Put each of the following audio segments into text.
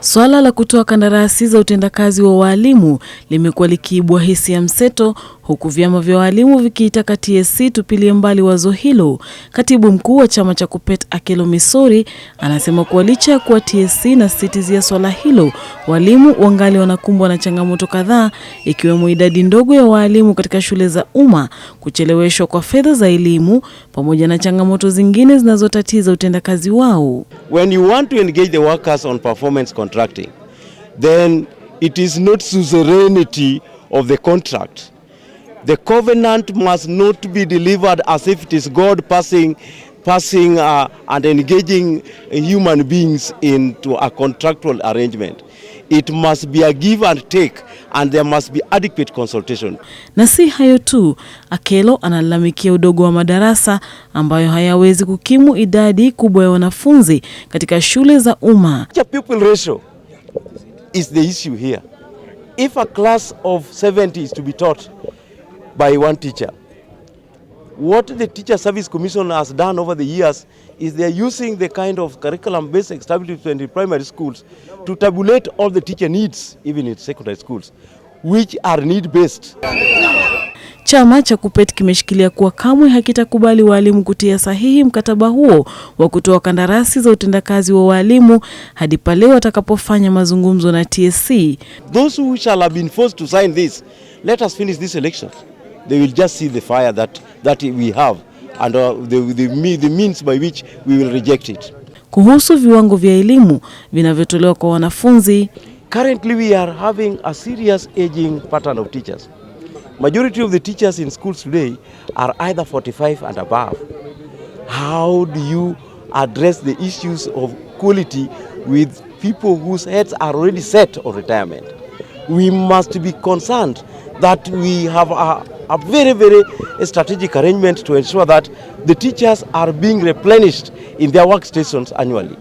Swala la kutoa kandarasi za utendakazi wa waalimu limekuwa likiibua hisia mseto, huku vyama vya waalimu vikiitaka TSC tupilie mbali wazo hilo. Katibu mkuu wa chama cha KUPPET Akelo Misori anasema kuwa licha ya kuwa TSC inasisitizia swala hilo, walimu wangali wanakumbwa na changamoto kadhaa, ikiwemo idadi ndogo ya waalimu katika shule za umma, kucheleweshwa kwa fedha za elimu, pamoja na changamoto zingine zinazotatiza utendakazi wao. When you want to engage the workers on performance contracting, then it is not suzerainty of the contract. The covenant must not be delivered as if it is God passing passing uh, and engaging human beings into a contractual arrangement. It must be a give and take and there must be adequate consultation. Na si hayo tu, Akelo analalamikia udogo wa madarasa ambayo hayawezi kukimu idadi kubwa ya wanafunzi katika shule za umma. Pupil ratio is the issue here. If a class of 70 is to be taught by one teacher, What the Teacher Service Commission has done over the years is they are using the kind of curriculum based established in primary schools to tabulate all the teacher needs even in secondary schools which are need based. Chama cha KUPPET kimeshikilia kuwa kamwe hakitakubali walimu kutia sahihi mkataba huo wa kutoa kandarasi za utendakazi wa walimu hadi pale watakapofanya mazungumzo na TSC. Those who shall have been forced to sign this, let us finish this election they will just see the fire that, that we have and uh, the, the, the means by which we will reject it. Kuhusu viwango vya elimu vinavyotolewa kwa wanafunzi. Currently we are having a serious aging pattern of teachers. Majority of the teachers in schools today are either 45 and above. How do you address the issues of quality with people whose heads are already set on retirement? We must be concerned that we have a, a very, very strategic arrangement to ensure that the teachers are being replenished in their workstations annually.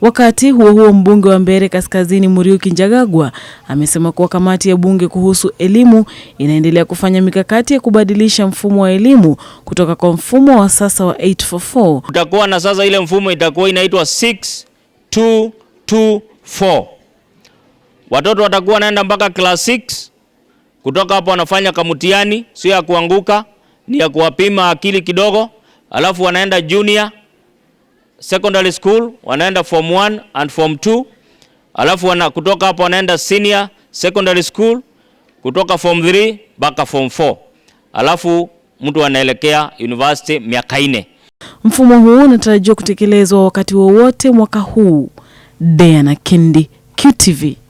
Wakati huo huo, mbunge wa Mbeere Kaskazini Muriuki Njagagwa amesema kuwa kamati ya bunge kuhusu elimu inaendelea kufanya mikakati ya kubadilisha mfumo wa elimu kutoka kwa mfumo wa sasa wa 844. itakuwa na sasa ile mfumo itakuwa inaitwa 6224. Watoto watakuwa naenda mpaka class 6 kutoka hapo wanafanya kamtihani, sio ya kuanguka, ni ya kuwapima akili kidogo, alafu wanaenda junior secondary school, wanaenda form 1 and form 2, alafu wana, kutoka hapo wanaenda senior secondary school, kutoka form 3 mpaka form 4, alafu mtu anaelekea university miaka ine Mfumo huu unatarajiwa kutekelezwa wakati wowote mwaka huu. Diana kendi QTV.